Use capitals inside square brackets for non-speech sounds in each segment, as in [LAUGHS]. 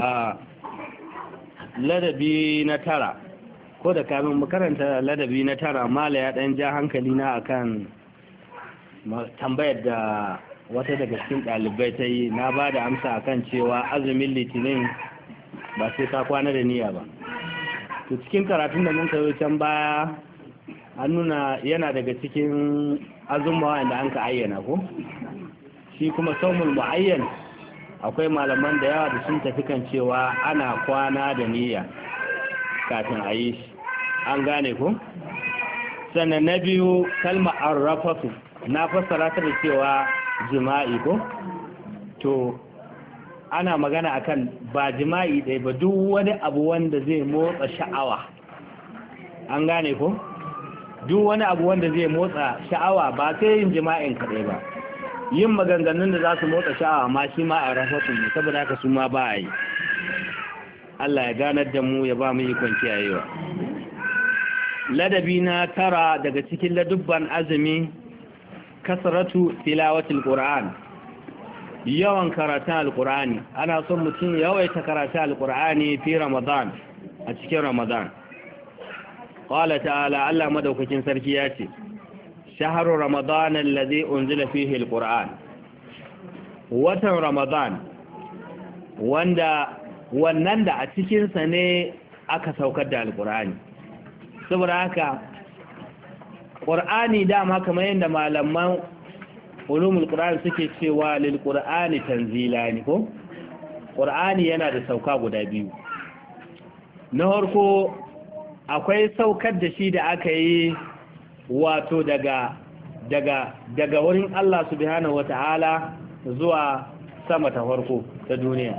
a ladabi na tara ko da kamin makaranta ladabi na tara mala ya dan ja hankali na akan tambayar da wata daga cikin ɗalibai ta yi na ba da amsa akan cewa azumin litinin ba sai ka kwana da niyya ba to cikin karatun da mun kawo can baya an nuna yana daga cikin azumma wanda an ka ayyana ko shi kuma saumul mu'ayyan akwai malaman da yawa da sun tafi kan cewa ana kwana da niyya kafin a yi shi an gane ku sannan na biyu kalma arrafasu na fassara ta da cewa jima'i ko to ana magana akan ba jima'i ɗaya ba duk wani abu wanda zai motsa sha'awa an gane ko duk wani abu wanda zai motsa sha'awa ba sai yin jima'in kaɗai ba yin maganganun da za su motsa sha'awa ma shi ma a rafatun ne saboda haka su ma ba a yi Allah ya ganar da mu ya ba mu ikon kiyayewa ladabi na tara daga cikin ladubban azumi kasratu tilawatil qur'an yawan karatun alqur'ani ana son mutum yawaita karatun alqur'ani fi ramadan a cikin ramadan qala ta'ala Allah madaukakin sarki ya ce shahar ramadan allazi unzila fihi alquran watan ramadan wanda wannan da a cikinsa ne aka saukar da alkur'ani saboda haka ƙur'ani dama kamar yadda malaman ulumul ƙur'ani suke cewa lil tanzila ne ko ƙur'ani yana da sauka guda biyu na harko akwai saukar da shi da aka yi wato daga daga daga wurin Allah subhanahu wata'ala zuwa sama ta farko ta duniya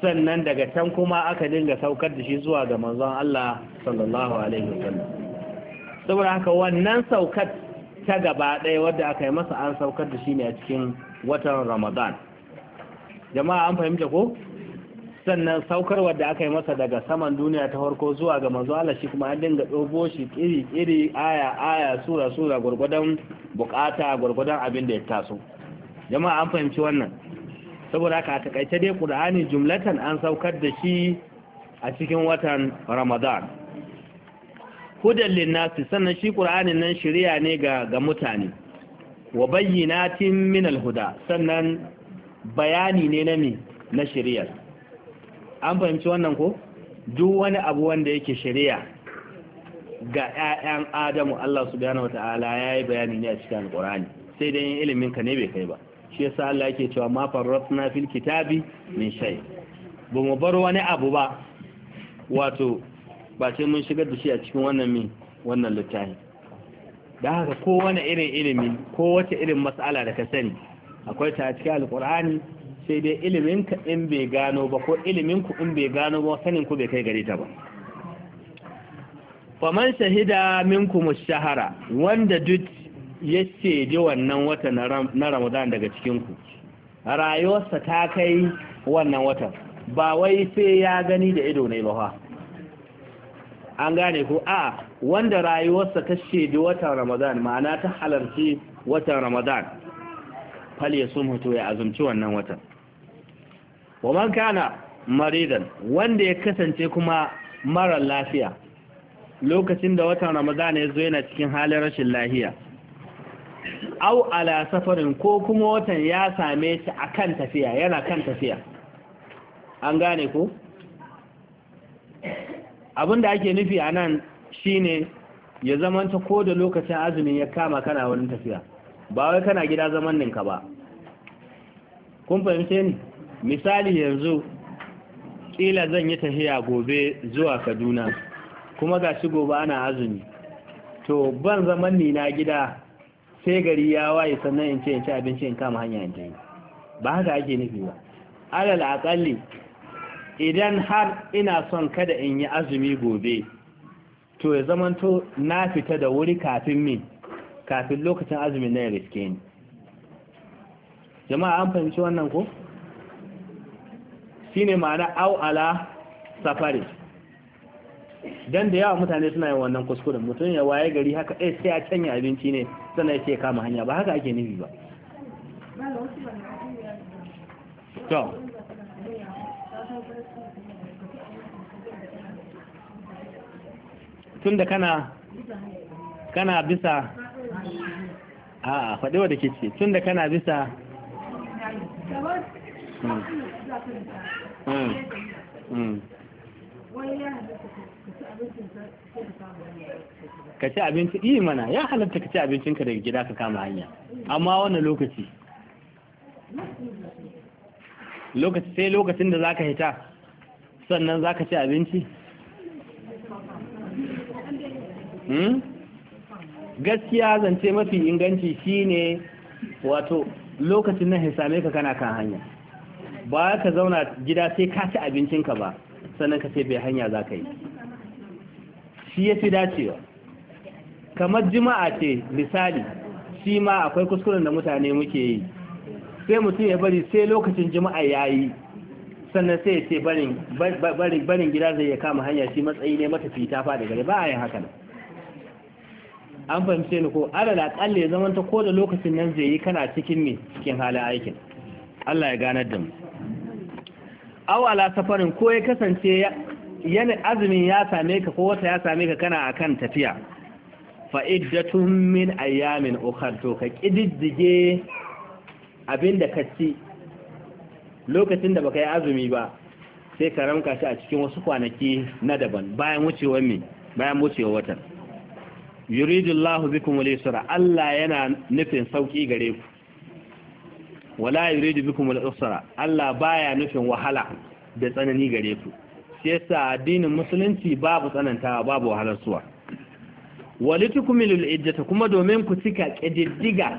sannan daga can kuma aka dinga saukar da shi zuwa ga manzon Allah sallallahu alaihi wasallam saboda haka wannan saukar ta gaba ɗaya wadda aka yi masa an saukar da shi ne a cikin watan Ramadan jama'a an fahimta ko sannan saukarwar da aka yi masa daga saman duniya ta farko zuwa ga manzo Allah shi kuma an dinga dogo shi kiri kiri aya aya sura sura gurgudan bukata gurgudan abin da ya taso jama'a an fahimci wannan saboda haka a takaice dai Qur'ani jumlatan an saukar da shi a cikin watan Ramadan hudan linnasi sannan shi qur'ani nan shari'a ne ga ga mutane wa bayyinatin min huda sannan bayani ne na shiriyar. an fahimci wannan ko duk wani abu wanda yake shari'a ga 'ya'yan adamu Allah subhanahu ta'ala ya yi bayani ne a cikin Alƙur'ani. sai dai ilimin ka ne bai kai ba shi yasa Allah yake cewa ma farrasna fil kitabi min shay ba mu bar wani abu ba wato ba sai mun shigar da shi a cikin wannan min wannan littafi da haka ko wani irin ilimi ko wata irin mas'ala da ka sani akwai ta a cikin alkurani sai dai ilimin ka in bai gano ba ko ilimin ku in bai gano ba sanin ku bai kai gare ta ba faman shahida minkum shahara wanda duk ya shaidi wannan wata na ramadan daga cikin ku rayuwarsa ta kai wannan watan ba wai sai ya gani da ido ne ba an gane ko a wanda rayuwarsa ta shaidi watan ramadan ma'ana ta halarci watan ramadan fal ya sun ya azumci wannan watan wa man kana maridan wanda ya kasance kuma mara lafiya lokacin da watan ramadan ya zo yana cikin halin rashin lafiya au ala safarin ko kuma watan ya same shi akan tafiya yana kan tafiya an gane ko da ake nufi anan shine ya zamanta ko da lokacin azumin ya kama kana wurin tafiya ba wai kana gida zaman ninka ba kun fahimce ni misali yanzu ƙila zan yi tafiya gobe zuwa kaduna kuma ga shi gobe ana azumi to ban zaman ni na gida sai gari ya waye sannan in ce in ci abinci in kama hanya in tafi ba haka ake nufi ba alal aƙalli idan har ina son kada in yi azumi gobe to ya zamanto na fita da wuri kafin min kafin lokacin azumin na ya riske ni jama'a an fahimci wannan ko? shine ma'ana au ala safari dan da yawa mutane suna yin wannan kuskuren mutum ya waye gari haka eh sai a canya abinci ne sannan ya ce kama hanya ba haka ake nufi ba to tun da kana kana bisa a a faɗi wadda ke ce tun da kana bisa Mm. Mm. ka ci abinci iya mana ya halatta ka ci abincinka daga gida ka kama hanya amma wannan lokaci lokaci sai lokacin da zaka hita sannan zaka ci abinci hmm? gaskiya zance mafi inganci shine wato lokacin nan hisame ka kana kan hanya ba ka zauna gida sai ka ci abincinka ba sannan ka ce bai hanya za ka yi shi ya fi dacewa kamar jima'a ce misali shi ma akwai kuskuren da mutane muke yi sai mutum ya bari sai lokacin jima'a ya yi sannan sai ya ce barin gida zai ya kama hanya shi matsayi ne mata fita fa gari ba a yin haka an fahimce ni ko alal kalle ya zamanta ko da lokacin nan zai yi kana cikin me cikin halin aikin Allah ya ganar da mu awala safarin ko ya kasance yana azumin ya same ka ko wata ya same ka kana akan tafiya fa iddatun min ayyamin ukhar to ka kididdige abinda ka ci lokacin da baka yi azumi ba sai ka ramka shi a cikin wasu kwanaki na daban bayan wucewar me bayan wucewar watan yuridullahu bikum al-yusra Allah yana nufin sauki gare ku wala yuridu bikum al-usra Allah baya nufin wahala da tsanani gare ku shi yasa addinin musulunci babu tsananta babu wahalar suwa walitukmilul iddata kuma domin ku cika kididdiga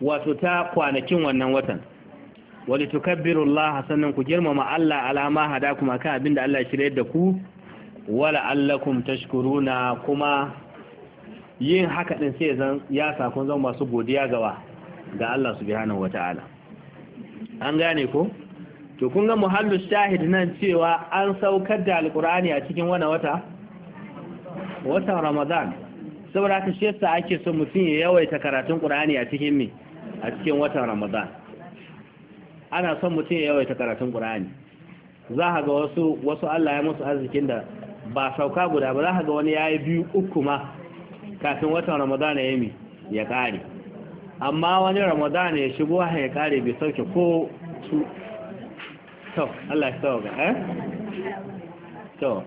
wato ta kwanakin wannan watan Allah sannan ku girmama Allah alama hadakum akan abinda Allah ya shirye da ku wala allakum tashkuruna kuma yin haka din sai zan ya sakon zan masu godiya gawa ga Allah subhanahu wata'ala an gane ko to kun ga muhallu shahid nan cewa an saukar da alqur'ani a cikin wani wata wata ramadan saboda ta shi yasa ake son mutum ya yawaita karatun qur'ani a cikin me a cikin watan ramadan ana son mutum ya yawaita karatun qur'ani za ka ga wasu wasu Allah ya musu arzikin da ba sauka guda ba za ka ga wani yayi biyu uku ma kafin watan ramadan ya yi ya kare amma wani ramadan ya shigo ya kare bai sauke ko su to Allah ya sauka eh to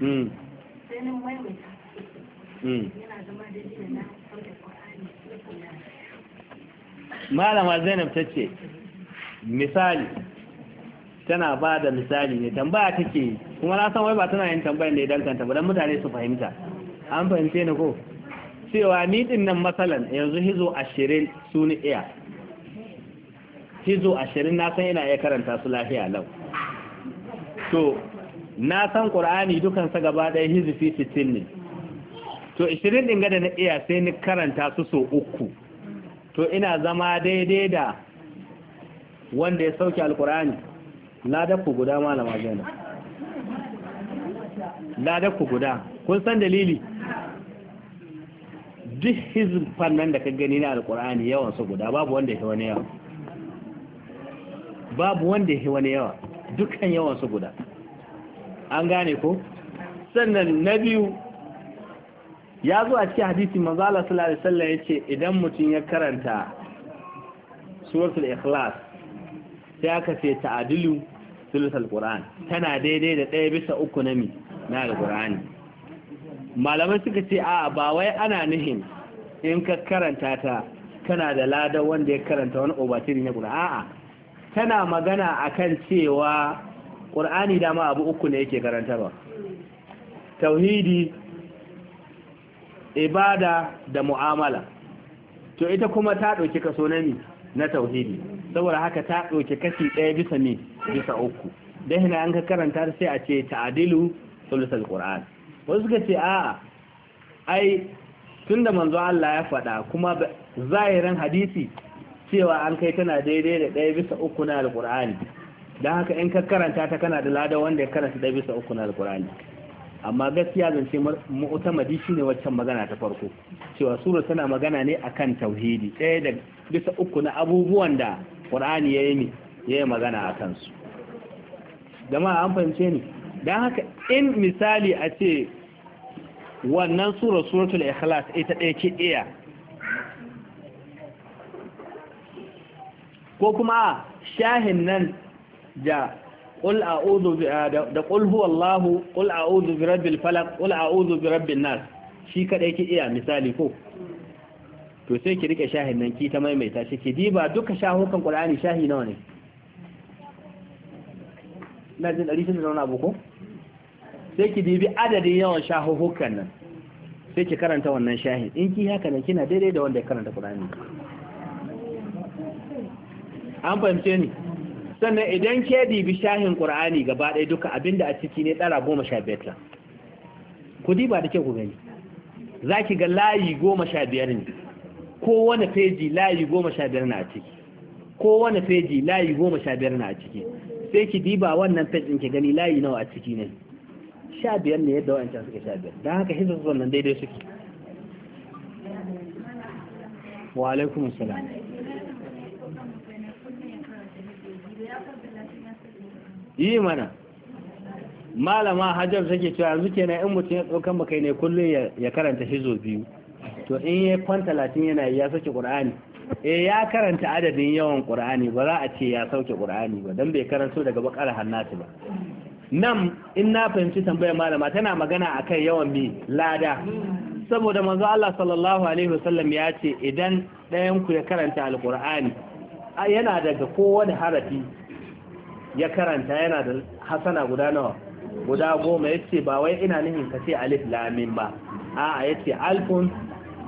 mm mm malama zainab ta ce misali tana ba da misali ne tambaya take kuma na san wai ba tana yin tambayin da ya danganta ba don mutane su fahimta an fahimce ni ko cewa ni din nan matsalan yanzu hizo ashirin su ni iya hizo ashirin na san ina iya karanta su lafiya lau to na san ƙur'ani dukansa gaba ɗaya hizifi sittin ne to ishirin ɗin gada na iya sai ni karanta su so uku to ina zama daidai da wanda ya sauke alƙur'ani ladakku guda malama Na ladakku guda kun san dalili duk hizbin nan da ka gani na alkur'ani yawan su guda babu wanda ya wani yawa babu wanda ya wani yawa dukkan yawan su guda an gane ko sannan na biyu ya zo a cikin hadisi manzo Allah sallallahu alaihi wasallam yace idan mutum ya karanta suratul ikhlas sai aka ce ta'dilu sulusul qur'an tana daidai da ɗaya bisa uku na mi na alqur'ani malamai suka ce a ba wai ana nihin in ka karanta ta tana da lada wanda ya karanta wani obatiri na guda a'a tana magana akan cewa ƙur'ani dama abu uku ne yake karantarwa tauhidi ibada da mu'amala to ita kuma ta ɗauki kaso na ni na tauhidi saboda haka ta ɗauki kashi ɗaya bisa ni bisa uku da na an ka karanta sai a ce ta'adilu sulusal qur'an wasu suka ce a'a ai da manzo Allah ya faɗa kuma zahirin hadisi cewa an kai tana daidai da ɗaya bisa uku na alƙur'ani don haka in ka karanta ta kana da lada wanda ya karanta ɗaya bisa uku na alƙur'ani amma gaskiya zan ce zance shi ne waccan magana ta farko cewa sura tana magana ne akan tauhidi ɗaya da bisa uku na abubuwan da ƙur'ani ya yi magana a kansu jama'a an fahimce ni don haka in misali a ce wannan sura suratul ikhlas ita ɗaya ke iya ko kuma shahin nan da قل أعوذ da قل هو الله قل أعوذ برب الفلق قل أعوذ برب الناس shi kadai yake iya misali ko to sai ki rike shahin nan ki ta maimaita shi ki diba duka shahukan Qur'ani shahi nawa ne na jin 100 da wani abu ko sai ki dibi adadin yawan shahuhukan nan sai ki karanta wannan shahin in ki haka nan kina daidai da wanda ya karanta Qur'ani an fahimce ni sannan idan ke dibi shahin Qur'ani gaba ɗaya duka abinda a ciki ne tsara goma sha biyar ta ku diba da ke ku gani za ki ga layi goma sha biyar ne wani feji layi goma sha biyar na a ciki wani feji layi goma sha biyar na a ciki sai ki diba wannan fejin ki gani layi nawa a ciki ne sha biyar ne yadda wancan suke sha biyar don haka hizbin nan daidai suke wa alaikum salam yi mana malama hajjar suke cewa yanzu ke na 'yan mutum ya tsokan bakai ne kullum ya karanta hizo biyu to in ya kwan talatin yana ya sauke ƙur'ani eh ya karanta adadin yawan ƙur'ani ba za a ce ya sauke ƙur'ani ba don bai karanto daga bakar hannatu ba nan in na fahimci tambayar malama tana magana a akan yawan bi lada saboda manzo Allah sallallahu alaihi wasallam ya ce idan ɗayan ku ya karanta alqur'ani yana daga kowane harafi ya karanta yana da hasana guda nawa guda goma ya ce ba wai ina nihin ka ce alif lamin ba a'a ce alfun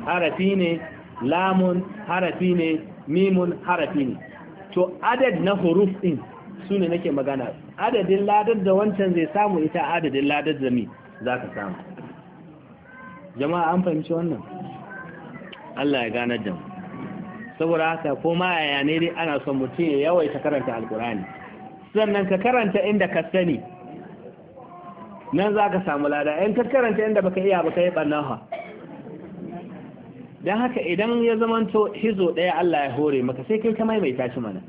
harafi ne lamun harafi ne mimun harafi ne to adad na huruf din su ne nake magana adadin ladar da wancan zai samu ita adadin ladar zami za ka samu jama'a an fahimci wannan Allah ya gane da saboda haka ko ma yaya ne dai ana son mutum ya yawaita karanta alkurani sannan ka karanta inda ka sani nan za ka samu lada Yan ka karanta inda baka iya baka yi ɓannaha don haka idan ya zamanto hizo ɗaya Allah ya hore maka sai kai ta maimaita shi mana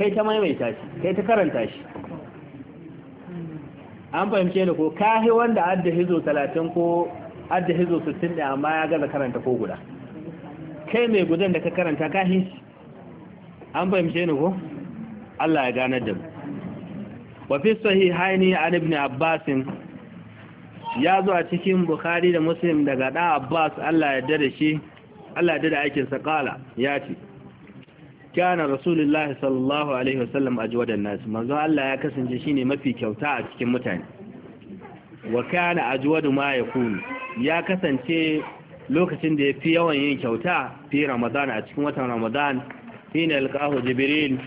kai ta maimaita shi kai ta karanta shi an fahimce ni ko kahi wanda adda hizo talatin ko adda hizo sittin ɗin amma ya gaza karanta ko guda kai mai gudan da ka karanta kahi an fahimce ni ko Allah ya ganar da mu wa fi sahihaini an ibn Abbas ya zo a cikin Bukhari da Muslim daga da Abbas Allah ya yarda da shi Allah ya yarda da aikin sa kala ya ce kana rasulullahi sallallahu alaihi wasallam ajwadan nas manzo Allah ya kasance shine mafi kyauta a cikin mutane wa kana ajwadu ma yakun ya kasance lokacin da yafi yawan yin kyauta fi ramadan a cikin watan ramadan hina alqahu jibril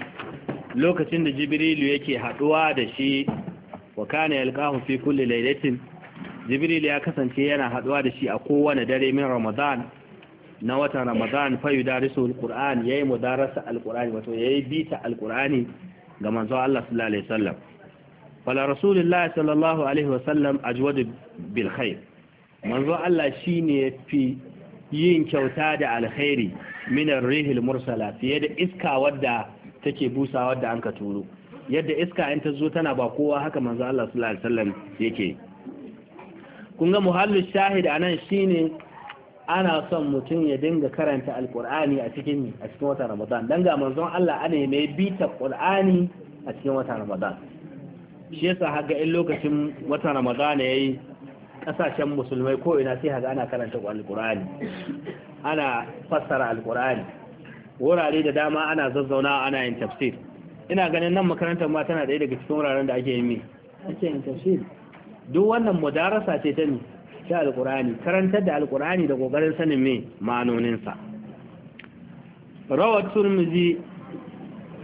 lokacin da jibril yake haduwa da shi wa kana alqahu fi kulli laylatin jibril ya kasance yana haduwa da shi a kowane dare min ramadan na wata ramadan fa yudarisu alquran yayi mudarasa alquran wato yayi bita alqurani ga manzo Allah sallallahu alaihi wasallam fala rasulullahi sallallahu alaihi wasallam ajwad bil khair manzo Allah shine fi yin kyauta da alkhairi min rihil mursala fiye da iska wadda take busa wadda anka turo yadda iska in ta zo tana ba kowa haka manzo Allah sallallahu alaihi wasallam yake kun ga muhallin shahid anan shine ana son mutum ya dinga karanta alkur'ani a cikin a cikin watan ramadan dan ga manzon Allah ana mai bita qur'ani a cikin watan ramadan shi yasa haga in lokacin watan ramadan yayi kasashen musulmai ko ina sai haga ana karanta alkur'ani ana fassara alkur'ani wurare da dama ana zazzauna ana yin tafsir ina ganin nan makarantar ma tana daya daga cikin wuraren da ake yi me ake yin tafsir duk wannan mudarasa ce ta ni ta alkur'ani karantar da alkur'ani da kokarin sanin me ma'anoninsa rawar turmizi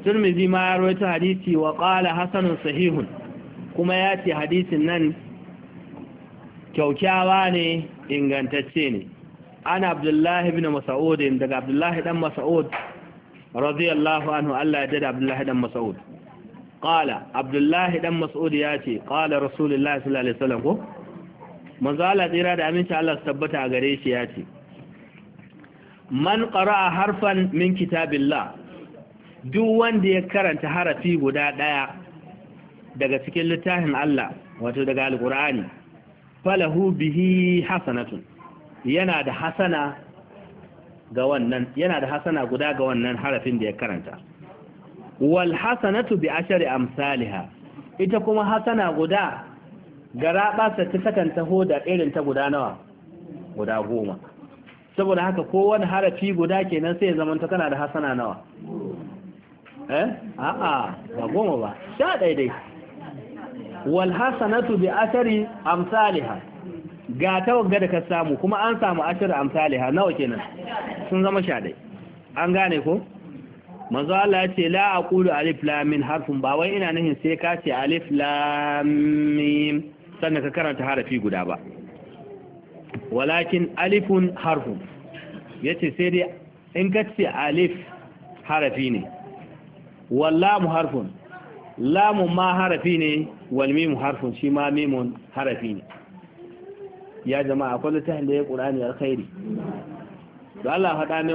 turmizi ma ya rawaito hadisi wa qala hasanun sahihun kuma ya ce hadisin nan kyaukyawa ne ingantacce ne an abdullahi bin mas'ud daga abdullahi dan mas'ud radiyallahu anhu Allah ya dada abdullahi dan mas'ud qala abdullahi dan mas'ud ya ce qala rasulullahi sallallahu alaihi wasallam ko manzo Allah tsira da aminci Allah su tabbata a gare shi ya ce man qara'a harfan min kitabillah duk wanda ya karanta harafi guda daya daga cikin littafin Allah wato daga alqur'ani falahu bihi hasanatun yana da hasana ga wannan yana da hasana guda ga wannan harafin da ya karanta wal hasanatu bi ashari amsalha ita kuma hasana guda gara ɓasa ta sakan taho da irin ta guda nawa guda goma saboda haka ko wani harafi guda kenan sai ya zamanta kana da hasana nawa eh a'a ba goma ba sha daidai wal hasanatu bi ashari amsalha ga tawagga da ka samu kuma an samu ashari amsalha nawa kenan sun zama sha dai an gane ko manzo Allah ya ce la aqulu alif lam min harfun ba wai ina nihin sai ka ce alif lam mim sannan ka karanta harafi guda ba walakin alifun harfu yace sai dai in ka ce alif harafi ne wallamu harfun lamun ma harafi ne walmimu harfun shi ma mimun harafi ne ya jama'a akwai littafin da ya ƙurani alkhairi da Allah faɗa ne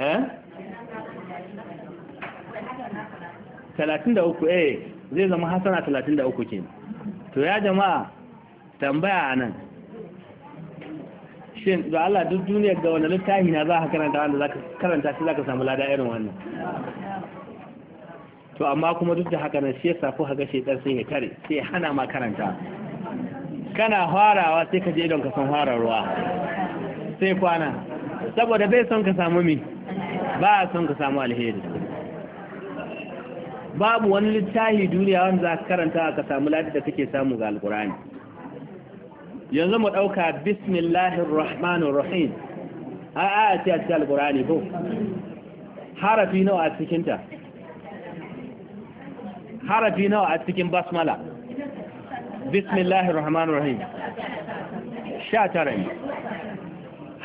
eh 33 eh zai zama hasana talatin da uku kenan to ya jama'a tambaya a nan shin da Allah duk duniyar ga wani littafi na za ka karanta wanda za ka karanta shi za ka samu lada irin wannan to amma kuma duk da haka nan shi ya safi haka shekar sai ya tare sai ya hana ma karanta kana harawa sai ka je don ka san hararwa sai kwana saboda bai son ka samu mi ba son ka samu alheri babu wani littafi duniya wanda za ka karanta ka samu ladi da kake samu ga alkurani yanzu mu ɗauka bismillahir rahmanir rahim a aya ce a cikin alkurani ko harafi nawa a cikinta harafi nawa a cikin basmala bismillahir rahmanir rahim sha tara ne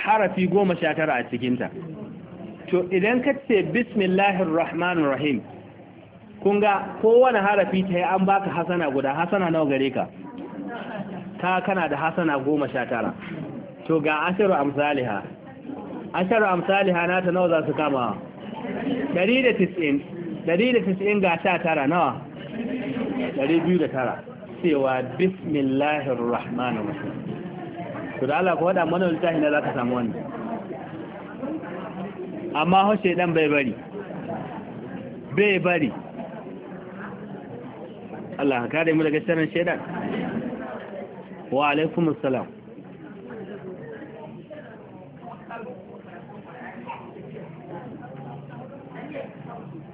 harafi goma sha tara a cikinta to idan ka ce bismillahir rahmanir rahim kun ga kowane harafi ta yi an baka hasana guda hasana nawa gare ka ka kana da hasana goma sha tara to ga ashiru amsaliha ashiru amsaliha na ta nawa za su kama Dari da tis'in dari da tis'in ga sha tara nawa dari biyu da tara cewa bismillahir rahmanir rahim to da Allah ko wada mana littafi na zaka samu wani amma hoshe dan bai bari bai bari الله كاد يمد جسنا شيدا وعليكم السلام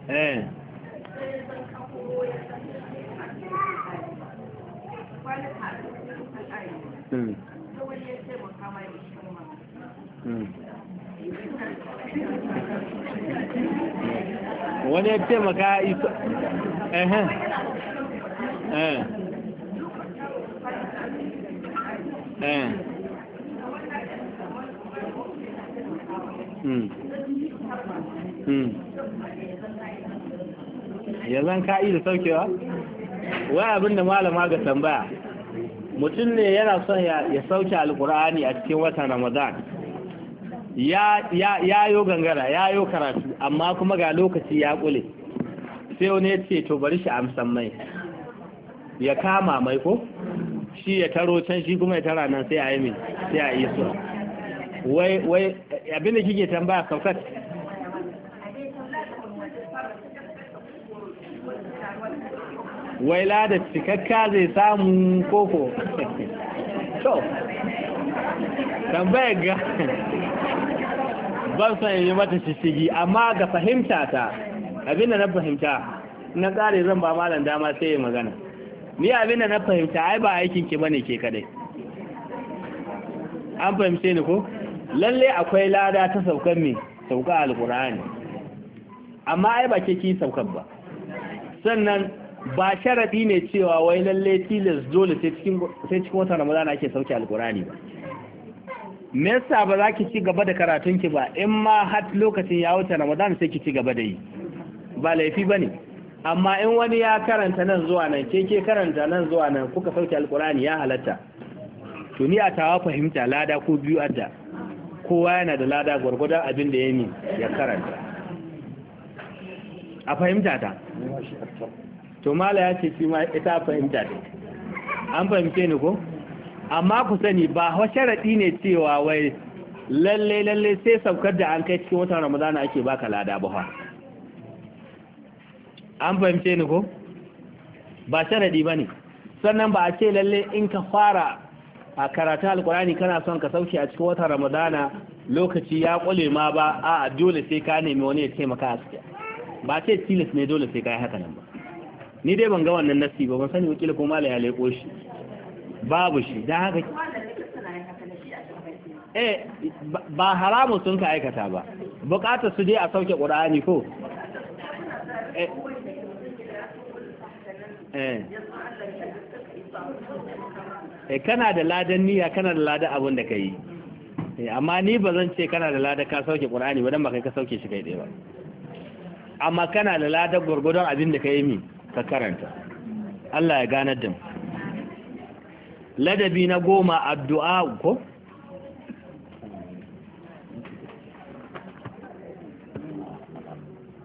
ايه وانا يتمكى يتمكى Eh. Eh. Hmm. Hmm. yanzu ka da saukewa wai abin da malama ga tambaya mutum ne yana son ya sauke alkur'ani a cikin watan ramadan ya yo gangara ya yo karatu amma kuma ga lokaci ya ƙule. sai wani ya ce to bari shi amsan mai ya kama mai ko shi ya taro can shi kuma ya tara nan sai a yi mai sai a yi su wai wai abin da kike tambaya kafkat wai lada cikakka zai samu koko [LAUGHS] to tambaya ga ban san yi mata shishigi amma ga fahimta ta abinda na fahimta na tsari zan ba malam dama sai ya magana ni abin da na fahimta ai ba aikin ki bane ke kadai an fahimce ni ko lalle akwai lada ta saukan me sauka alqur'ani amma ai ba ke ki saukan ba sannan ba sharadi ne cewa wai lalle tilas dole sai cikin sai cikin wata Ramadan ake sauke alqur'ani ba me yasa ba za ki ci gaba da karatun ki ba in ma har lokacin ya wuce Ramadan sai ki ci gaba da yi ba laifi bane amma in wani ya karanta nan zuwa nan ke ke karanta nan zuwa nan kuka sauke alkur'ani ya halatta to ni a tawa fahimta lada ko biyu adda kowa yana da lada gwargwada abin da ya yi ya karanta a fahimta ta to mala ya ce shi ma ita fahimta ta an fahimce ni ko amma ku sani ba sharaɗi ne cewa wai lalle lalle sai saukar da an kai cikin watan ramadana ake baka lada ba an fahimce ni ko ba sharadi ba ne sannan ba a ce lalle in ka fara a karatu alkurani kana son ka sauke a cikin watan ramadana lokaci ya kule ma ba a dole sai ka nemi wani ya taimaka a cikin ba ce tilas ne dole sai ka yi haka nan ba ni dai ban ga wannan nasi ba ban sani wakila ko malaya ya leko shi babu shi dan haka eh ba haramun sun ka aikata ba bukatar su dai a sauke ƙur'ani ko eh, Eh. eh kana da ladan niyya kana da ladan abin da kai eh, amma ni ba zan ce kana da ladan ka sauke qur'ani wadan ba kai ka sauke shi kai ɗaya ba amma kana da ladan gurgudon abin da kai mi ka karanta Allah ya ganar da mu ladabi na goma addu'a ko